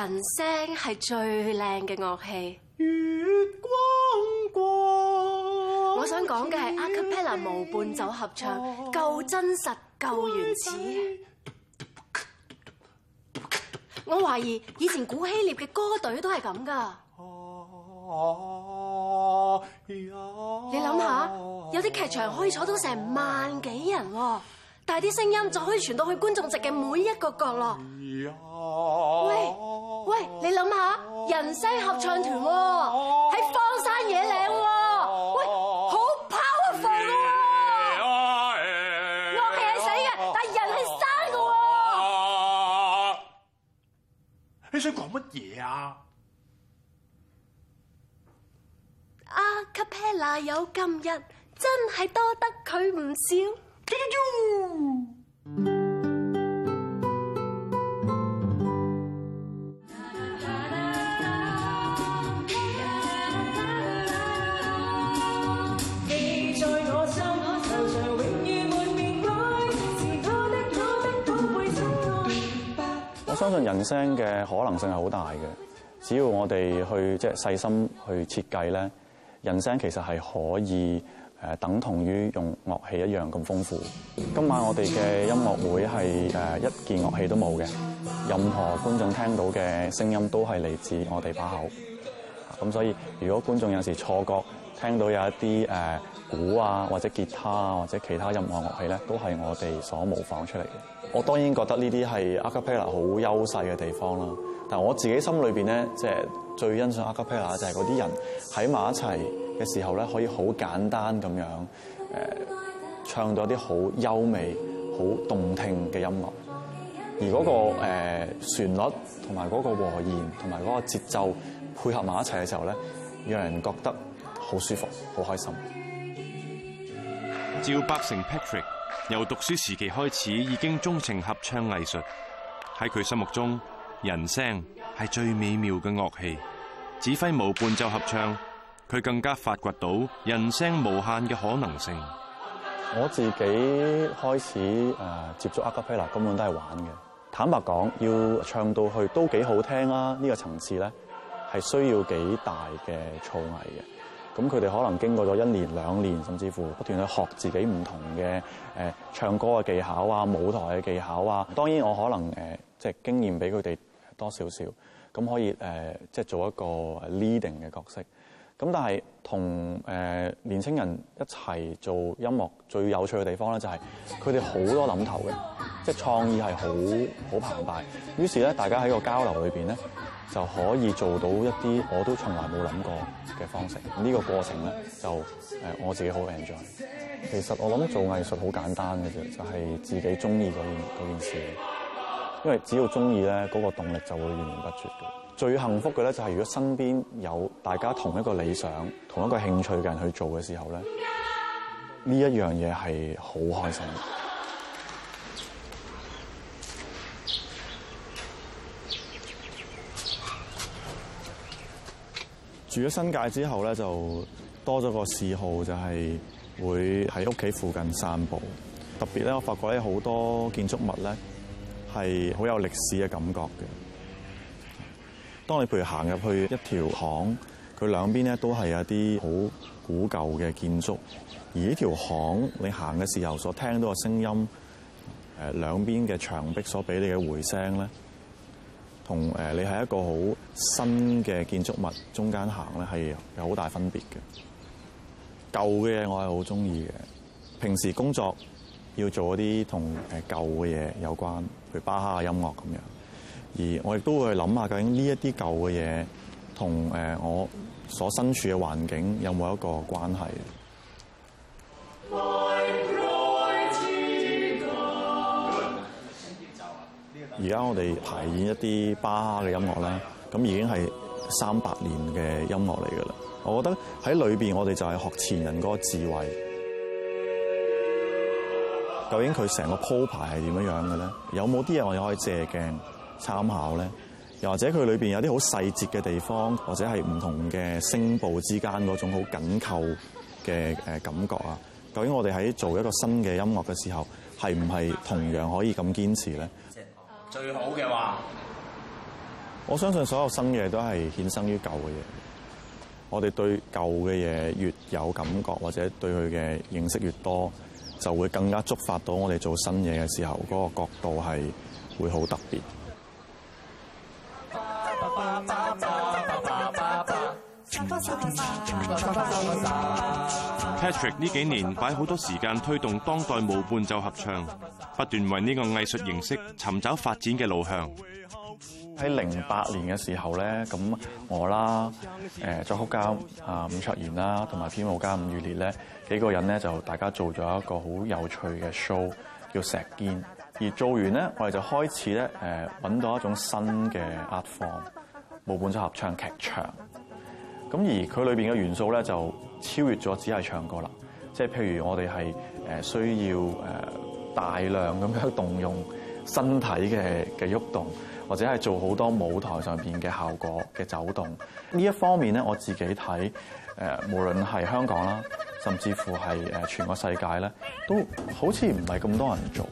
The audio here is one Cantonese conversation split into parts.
人聲係最靚嘅樂器。月光光，光，我想講嘅係 a cappella 無伴奏合唱，啊，夠真實、夠原始。我懷疑以前古希臘嘅歌隊都係咁㗎。你諗下，有啲劇場可以坐到成萬幾人喎，但係啲聲音就可以傳到去觀眾席嘅每一個角落。喂，你諗下，人聲合唱團喎、哦，喺荒山野嶺喎、哦，喂，好 powerful 喎、哦，樂器係死嘅，但人係生嘅喎。你想講乜嘢啊？A cappella 有今日，真係多得佢唔少。相信人聲嘅可能性係好大嘅，只要我哋去即係、就是、細心去設計咧，人聲其實係可以誒等同於用樂器一樣咁豐富。今晚我哋嘅音樂會係誒一件樂器都冇嘅，任何觀眾聽到嘅聲音都係嚟自我哋把口。咁所以，如果觀眾有時錯覺聽到有一啲誒、呃、鼓啊，或者吉他啊，或者其他音樂樂器咧，都係我哋所模仿出嚟嘅。我當然覺得呢啲係 A Cappella 好優勢嘅地方啦。但係我自己心裏面咧，即係最欣賞 A Cappella 就係嗰啲人喺埋一齊嘅時候咧，可以好簡單咁樣、呃、唱到一啲好優美、好動聽嘅音樂。而嗰、那個、呃、旋律同埋嗰個和弦同埋嗰個節奏，配合埋一齊嘅時候咧，讓人覺得好舒服、好開心。趙伯承 Patrick 由讀書時期開始已經鍾情合唱藝術，喺佢心目中人聲係最美妙嘅樂器。指揮無伴奏合唱，佢更加發掘到人聲無限嘅可能性。我自己開始、呃、接觸 A Cappella，根本都係玩嘅。坦白講，要唱到去都幾好聽啊！呢、呢個層次咧。係需要幾大嘅造詣嘅，咁佢哋可能經過咗一年兩年，甚至乎不斷去學自己唔同嘅、呃、唱歌嘅技巧啊、舞台嘅技巧啊。當然我可能即係、呃就是、經驗比佢哋多少少，咁可以即係、呃就是、做一個 leading 嘅角色。咁但係同、呃、年青人一齊做音樂最有趣嘅地方咧，就係佢哋好多諗頭嘅，即係創意係好好澎湃。於是咧，大家喺個交流裏邊咧。就可以做到一啲我都從來冇諗過嘅方式。呢個過程咧就誒我自己好 enjoy。其實我諗做藝術好簡單嘅啫，就係自己中意嗰件件事。因為只要中意咧，嗰個動力就會源源不絕。最幸福嘅咧就係如果身邊有大家同一個理想、同一個興趣嘅人去做嘅時候咧，呢一樣嘢係好開心。住咗新界之後咧，就多咗個嗜好，就係會喺屋企附近散步。特別咧，我發覺咧好多建築物咧係好有歷史嘅感覺嘅。當你譬如行入去一條巷，佢兩邊咧都係有啲好古舊嘅建築，而呢條巷你行嘅時候所聽到嘅聲音，誒兩邊嘅牆壁所俾你嘅回聲咧，同誒你係一個好新嘅建築物中間行咧，係有好大分別嘅。舊嘅嘢我係好鍾意嘅。平時工作要做嗰啲同誒舊嘅嘢有關，譬如巴哈嘅音樂咁樣。而我亦都會諗下，究竟呢一啲舊嘅嘢同誒我所身處嘅環境有冇一個關係。而家 我哋排演一啲巴哈嘅音樂啦。咁已經係三百年嘅音樂嚟㗎啦！我覺得喺裏面，我哋就係學前人嗰個智慧。究竟佢成個鋪排係點樣樣嘅咧？有冇啲嘢我哋可以借鏡參考咧？又或者佢裏面有啲好細節嘅地方，或者係唔同嘅聲部之間嗰種好緊扣嘅誒感覺啊？究竟我哋喺做一個新嘅音樂嘅時候，係唔係同樣可以咁堅持咧？最好嘅話。我相信所有新嘢都係衍生於舊嘅嘢。我哋對舊嘅嘢越有感覺，或者對佢嘅認識越多，就會更加觸發到我哋做新嘢嘅時候嗰個角度係會好特別。Patrick 呢幾年擺好多時間推動當代無伴奏合唱，不斷為呢個藝術形式尋找發展嘅路向。喺零八年嘅時候咧，咁我啦，誒作曲家啊伍卓賢啦，同埋編舞家伍宇烈咧，幾個人咧就大家做咗一個好有趣嘅 show 叫《石堅》，而做完咧，我哋就開始咧，誒揾到一種新嘅 art form 冇伴奏合唱劇場。咁而佢裏邊嘅元素咧就超越咗，只係唱歌啦。即係譬如我哋係誒需要誒大量咁樣動用身體嘅嘅喐動。或者係做好多舞台上邊嘅效果嘅走動，呢一方面咧，我自己睇誒、呃，無論係香港啦，甚至乎係、呃、全個世界咧，都好似唔係咁多人做，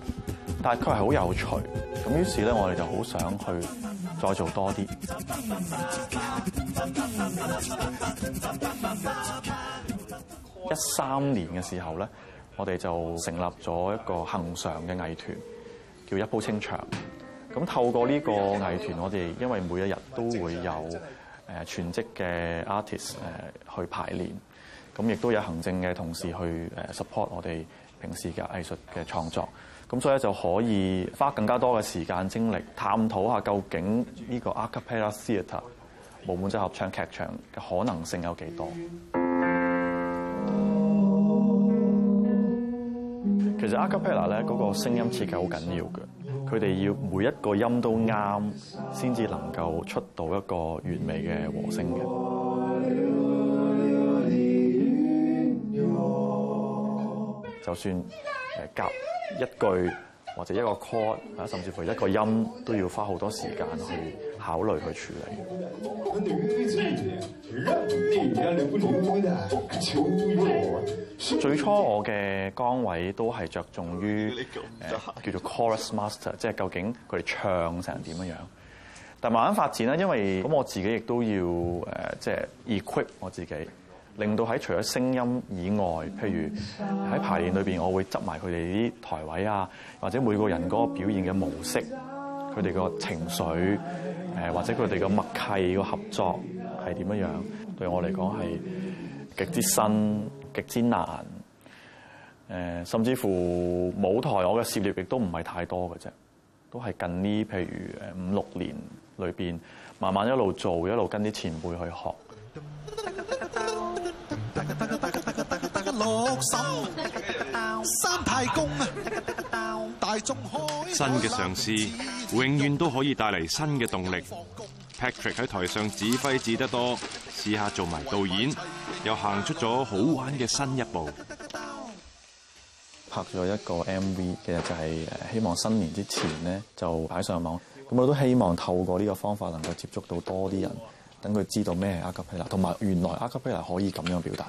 但係佢係好有趣。咁於是咧，我哋就好想去再做多啲。一三年嘅時候咧，我哋就成立咗一個恒常嘅藝團，叫一鋪清場。咁透過呢個藝團，我哋因為每一日都會有誒全職嘅 artist 誒去排練，咁亦都有行政嘅同事去誒 support 我哋平時嘅藝術嘅創作。咁所以就可以花更加多嘅時間精力，探討下究竟呢個 a cappella theatre 無伴奏合唱劇場嘅可能性有幾多？其實 a cappella 咧，個聲音設計好緊要嘅。佢哋要每一個音都啱，先至能夠出到一個完美嘅和聲嘅。就算誒夾一句或者一個 chord，啊，甚至乎一個音，都要花好多時間去考慮去處理。最初我嘅崗位都係着重於叫做 chorus master，即係究竟佢哋唱成點樣。但慢慢發展啦，因為咁我自己亦都要誒，即係 equip 我自己，令到喺除咗聲音以外，譬如喺排練裏邊，我會執埋佢哋啲台位啊，或者每個人個表現嘅模式。佢哋個情緒，誒或者佢哋個默契個合作係點樣？對我嚟講係極之新、極之難，誒甚至乎舞台我嘅涉獵亦都唔係太多嘅啫，都係近呢譬如誒五六年裏邊，慢慢一路做，一路跟啲前輩去學。六三太公。 新嘅上司永遠都可以帶嚟新嘅動力。Patrick 喺台上指揮指得多，試下做埋導演，又行出咗好玩嘅新一步。拍咗一個 MV 其實就係希望新年之前呢就擺上網，咁我都希望透過呢個方法能夠接觸到多啲人，等佢知道咩 A Cappella。同埋原來 A Cappella 可以咁樣表達，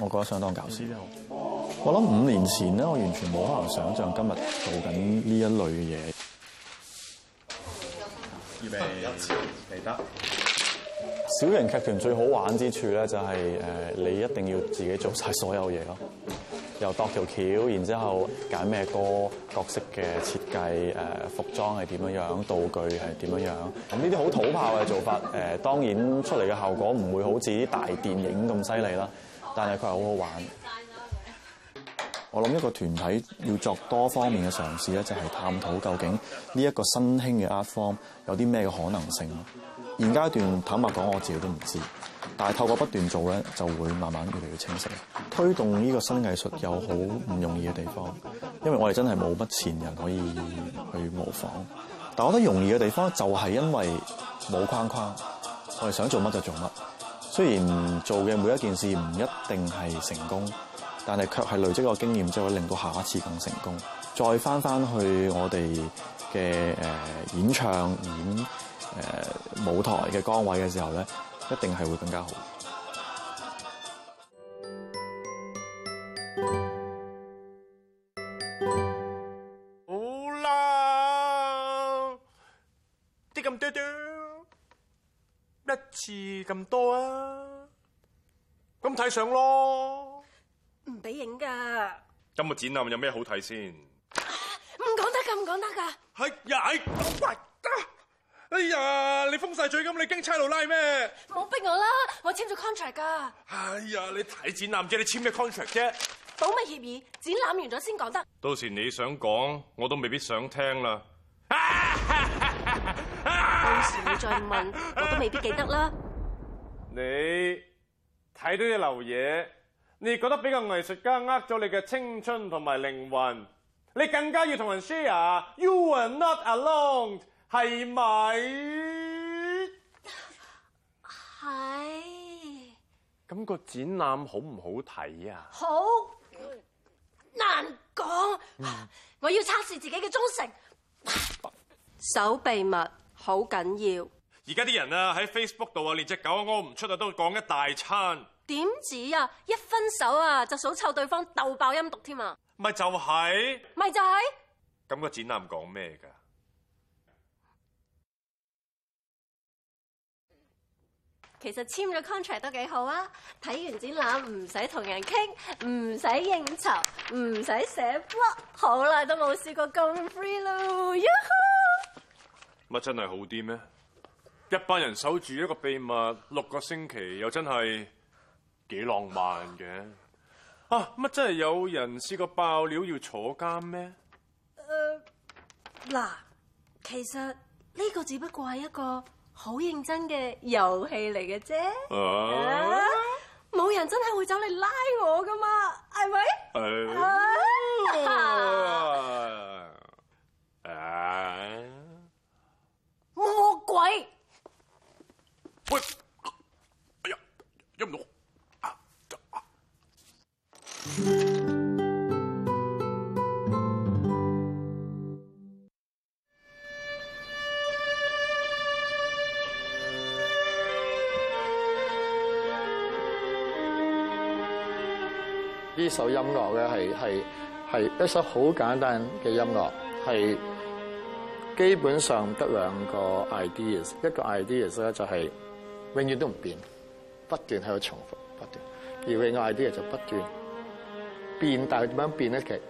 我覺得相當搞笑。嗯我諗五年前咧，我完全冇可能想象今日做緊呢一類嘢。預備入潮，得小型劇團最好玩之處咧，就係誒你一定要自己做晒所有嘢咯，由度條橋，然之後揀咩歌、角色嘅設計、誒服裝係點樣、道具係點樣樣。咁呢啲好土炮嘅做法，誒當然出嚟嘅效果唔會好似啲大電影咁犀利啦，但係佢係好好玩。我諗一個團體要作多方面嘅嘗試咧，就係探討究竟呢一個新興嘅 art form 有啲咩嘅可能性。現階段坦白講，我自己都唔知，但係透過不斷做咧，就會慢慢越嚟越清晰。推動呢個新藝術有好唔容易嘅地方，因為我哋真係冇乜前人可以去模仿。但我覺得容易嘅地方就係因為冇框框，我哋想做乜就做乜。雖然做嘅每一件事唔一定係成功。但係卻係累積個經驗，就會令到下一次更成功。再返返去我哋嘅誒演唱演誒舞台嘅崗位嘅時候咧，一定係會更加好。好啦，啲咁嘟嘟，一次咁多啊，咁睇相咯。點噶？今日展覽有咩好睇先？唔講得咁，唔講得噶。係呀，哎呀，哎呀，你封晒嘴咁，你驚差佬拉咩？唔好逼我啦，我簽咗 contract 噶。哎呀，你睇展覽啫，你簽咩 contract 啫？保密協議，展覽完咗先講得。到時你想講，我都未必想聽啦。到時你再問，我都未必記得啦。你睇到啲流嘢。你覺得俾個藝術家呃咗你嘅青春同埋靈魂，你更加要同人 share。You are not alone，係咪？係。咁個展覽好唔好睇啊？好難講。嗯，我要測試自己嘅忠誠。守秘密好緊要。而家啲人啊喺 Facebook 度啊，連隻狗屙唔出都講一大餐。點止啊！一分手啊，就數臭對方鬥爆音毒添啊！咪就係，咪就係，咁個展覽講咩噶？其實簽咗 contract 都幾好啊！睇完展覽唔使同人傾，唔使應酬，唔使寫 blog 好耐都冇試過咁 free 咯～乜 真係好啲咩？一班人守住一個秘密六個星期，又真係～幾浪漫嘅啊，乜、啊、真係有人試過爆料要坐監咩？誒，嗱，其實呢個只不過係一個好認真嘅遊戲嚟嘅啫，冇、啊啊、人真係會走嚟拉我㗎嘛，係、啊、咪、啊啊啊？啊！魔鬼！喂！呢首音樂咧係係係一首好簡單嘅音樂，係基本上得兩個 ideas，一個 idea 咧就係永遠都唔變，不斷喺度重複不斷，而另一個 idea 就不斷變，但係點樣變咧？其實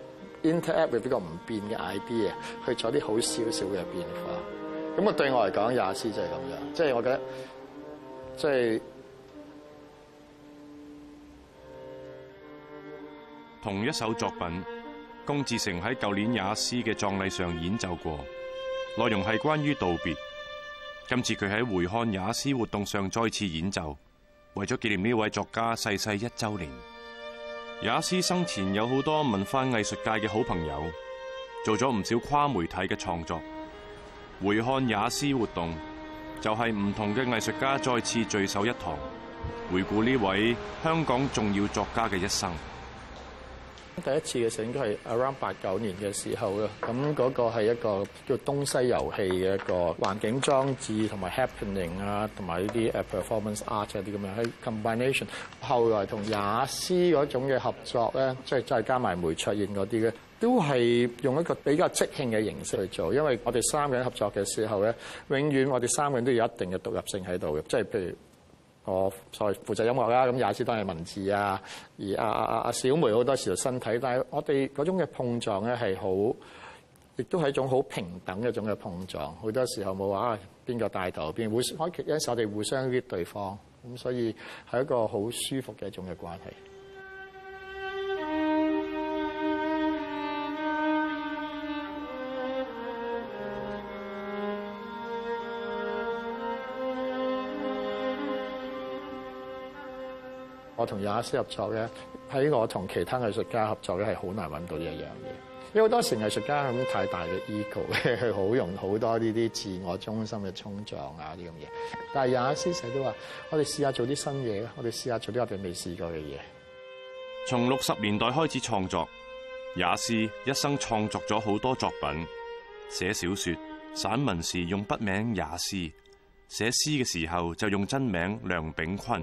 interact with 唔變嘅 idea，去做啲好少少嘅變化。咁啊，對我嚟講，也斯就係咁樣。即係我覺得，即係同一首作品，龔志成喺舊年也斯嘅葬禮上演奏過，內容係關於道別。今次佢喺回看也斯活動上再次演奏，為咗紀念呢位作家逝世一週年。雅斯生前有好多文化藝術界嘅好朋友，做咗唔少跨媒體嘅創作。回看雅斯活動，就係、是、唔同嘅藝術家再次聚首一堂，回顧呢位香港重要作家嘅一生。第一次嘅整嘅係 around 八九年嘅時候啦，咁、那、嗰個係一個叫東西遊戲嘅一個環境裝置同埋 happening 啊，同埋呢啲 performance art 嗰啲咁樣喺 combination。後來同也斯嗰種嘅合作咧，即係加埋梅卓燕嗰啲咧，都係用一個比較即興嘅形式去做，因為我哋三個人合作嘅時候咧，永遠我哋三個人都有一定嘅獨立性喺度嘅，即係譬如。我再負責音樂啦，咁也斯都係文字啊，而阿阿阿小梅好多時候身體，但係我哋嗰種嘅碰撞咧係好，亦都係一種好平等一種嘅碰撞。好多時候冇話邊個帶大邊會開相，因為我哋互相搣對方，咁所以係一個好舒服嘅一種嘅關係。我同也斯合作咧，喺我同其他藝術家合作咧，係好難揾到呢一樣嘢。因為好多時藝術家咁太大嘅 ego，係好容好多呢啲自我中心嘅衝撞啊，呢種嘢。但係也斯成日都話，我哋試下做啲新嘢，我哋試下做啲我哋未試過嘅嘢。從六十年代開始創作，也斯一生創作咗好多作品，寫小說、散文時用筆名也斯，寫詩嘅時候就用真名梁炳坤。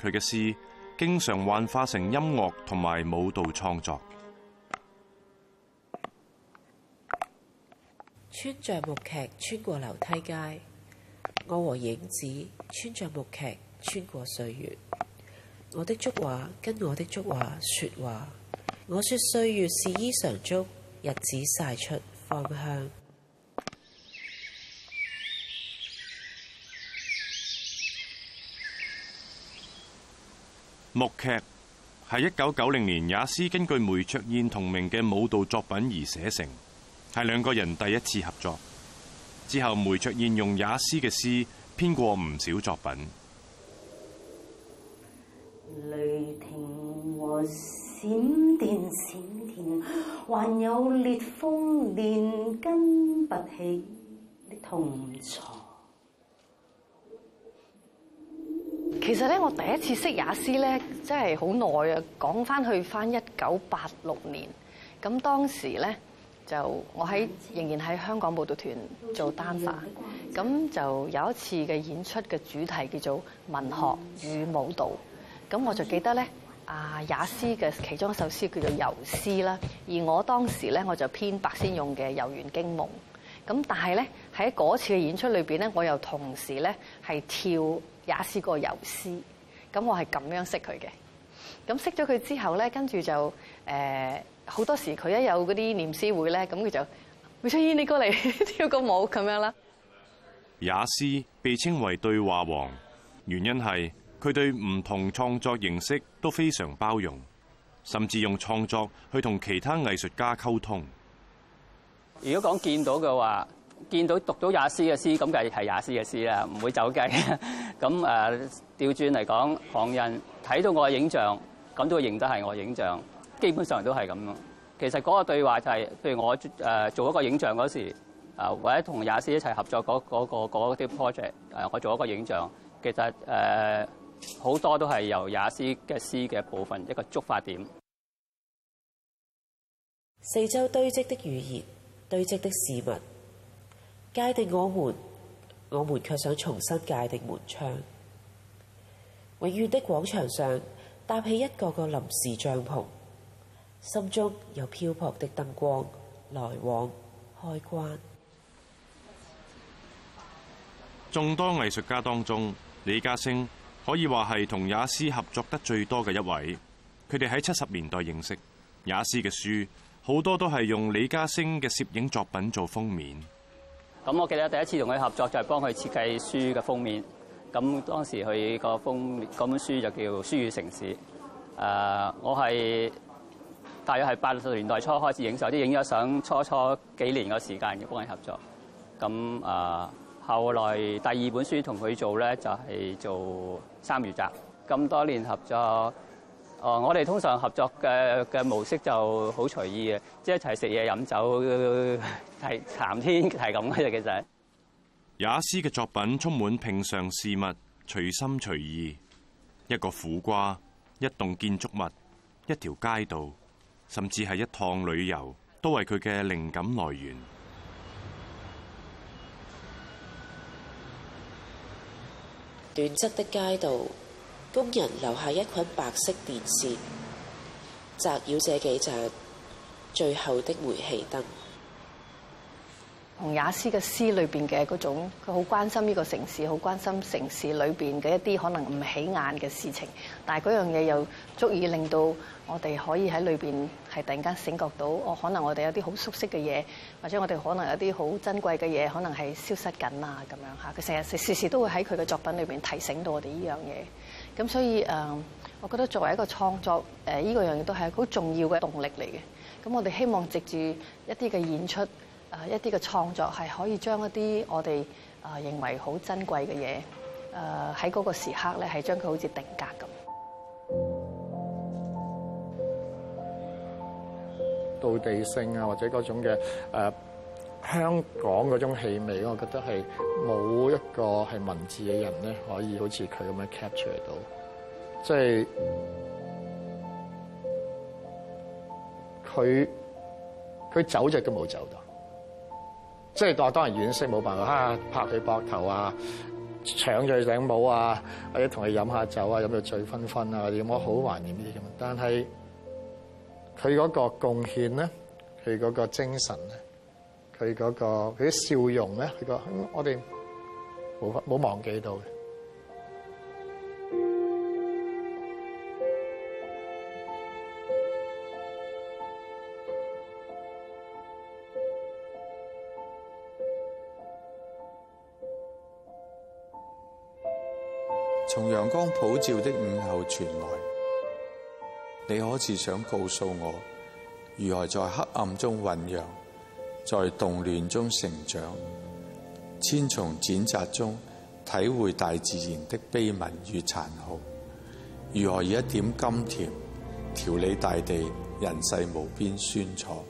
佢嘅詩經常幻化成音樂同埋舞蹈創作，穿着木劇，穿過樓梯街。我和影子穿着木劇，穿過歲月。我的竹畫跟我的竹畫説話，我説歲月是衣裳竹，日子晒出芳香。」木劇係一九九零年，也斯根據梅卓燕同名嘅舞蹈作品而寫成，係兩個人第一次合作。之後，梅卓燕用也斯嘅詩編過唔少作品。雷霆和閃電，閃電，還有烈風連根拔起的痛其實咧，我第一次識也斯咧，真係好耐啊！講翻去翻一九八六年，咁當時咧就我喺仍然喺香港舞蹈團做 dancer，咁就有一次嘅演出嘅主題叫做文學與舞蹈。咁我就記得咧，啊也斯嘅其中一首詩叫做《游詩》啦，而我當時咧我就編白先勇嘅《遊園驚夢》是。咁但係咧。喺嗰次嘅演出裏邊咧，我又同時咧係跳也斯個游詩，咁我係咁樣識佢嘅。咁識咗佢之後咧，跟住就誒好多時，佢一有嗰啲念詩會咧，咁佢就，會出現，你過嚟跳個舞咁樣啦。也斯被稱為對話王，原因係佢對唔同創作形式都非常包容，甚至用創作去同其他藝術家溝通。如果講見到嘅話。見到讀到也斯嘅詩，咁梗係也斯嘅詩啦，唔會走雞。咁誒調轉嚟講，旁人睇到我嘅影像，咁都會認得係我嘅影像，基本上都係咁咯。其實嗰個對話就係、是，譬如我誒、呃、做一個影像嗰時、呃，或者同也斯一齊合作嗰、那個啲、那個那個、project，誒、呃、我做一個影像，其實誒好、呃、多都係由也斯嘅詩嘅部分一個觸發點。四周堆積的語言，堆積的事物。界定我們，我們卻想重新界定門窗。永遠的廣場上搭起一個個臨時帳篷，心中有漂泊的燈光來往開關。眾多藝術家當中，李家昇可以話係同也斯合作得最多嘅一位。佢哋喺七十年代認識，也斯嘅書好多都係用李家昇嘅攝影作品做封面。咁我記得第一次同佢合作就係幫佢設計書嘅封面，咁當時佢個封面嗰本書就叫《書與城市》uh，我係大約係八十年代初開始影相，啲影咗相初初幾年嘅時間嘅幫佢合作。咁啊，uh, 後來第二本書同佢做咧就係、是、做《三月集》，咁多年合作。哦，我哋通常合作嘅嘅模式就好隨意嘅，即係一齊食嘢飲酒，係、呃、談天係咁嘅啫，其實。也斯嘅作品充滿平常事物，隨心隨意。一個苦瓜，一棟建築物，一條街道，甚至係一趟旅遊，都係佢嘅靈感來源。短側的街道。工人留下一捆白色電線，擲繞這幾盞最後的煤氣燈。從也斯嘅詩裏邊嘅嗰種，佢好關心呢個城市，好關心城市裏邊嘅一啲可能唔起眼嘅事情。但係嗰樣嘢又足以令到我哋可以喺裏邊係突然間醒覺到，哦，可能我哋有啲好熟悉嘅嘢，或者我哋可能有啲好珍貴嘅嘢，可能係消失緊啊咁樣吓。佢成日時時都會喺佢嘅作品裏邊提醒到我哋呢樣嘢。咁所以誒，我覺得作為一個創作誒呢，這個樣嘢都係好重要嘅動力嚟嘅。咁我哋希望藉住一啲嘅演出，誒一啲嘅創作係可以將一啲我哋誒認為好珍貴嘅嘢，誒喺嗰個時刻咧係將佢好似定格咁，道地性啊，或者嗰種嘅誒。香港嗰種氣味，我覺得係冇一個係文字嘅人咧，可以好似佢咁樣 capture 到。即係佢佢走著都冇走到。即係當當然惋惜冇辦法，哈、啊、拍佢膊頭啊，搶佢頂帽啊，或者同佢飲下酒啊，飲到醉醺醺啊，我好懷念呢啲嘅。但係佢嗰個貢獻咧，佢嗰個精神咧。佢嗰，嗰個佢啲笑容咧，佢個，嗯、我哋冇冇忘記到。從陽光普照的午後傳來，你可似想告訴我，如何在黑暗中醖釀？在動亂中成長，千重剪摘中體會大自然的悲憫與殘酷，如何以一點甘甜調理大地人世無邊酸楚？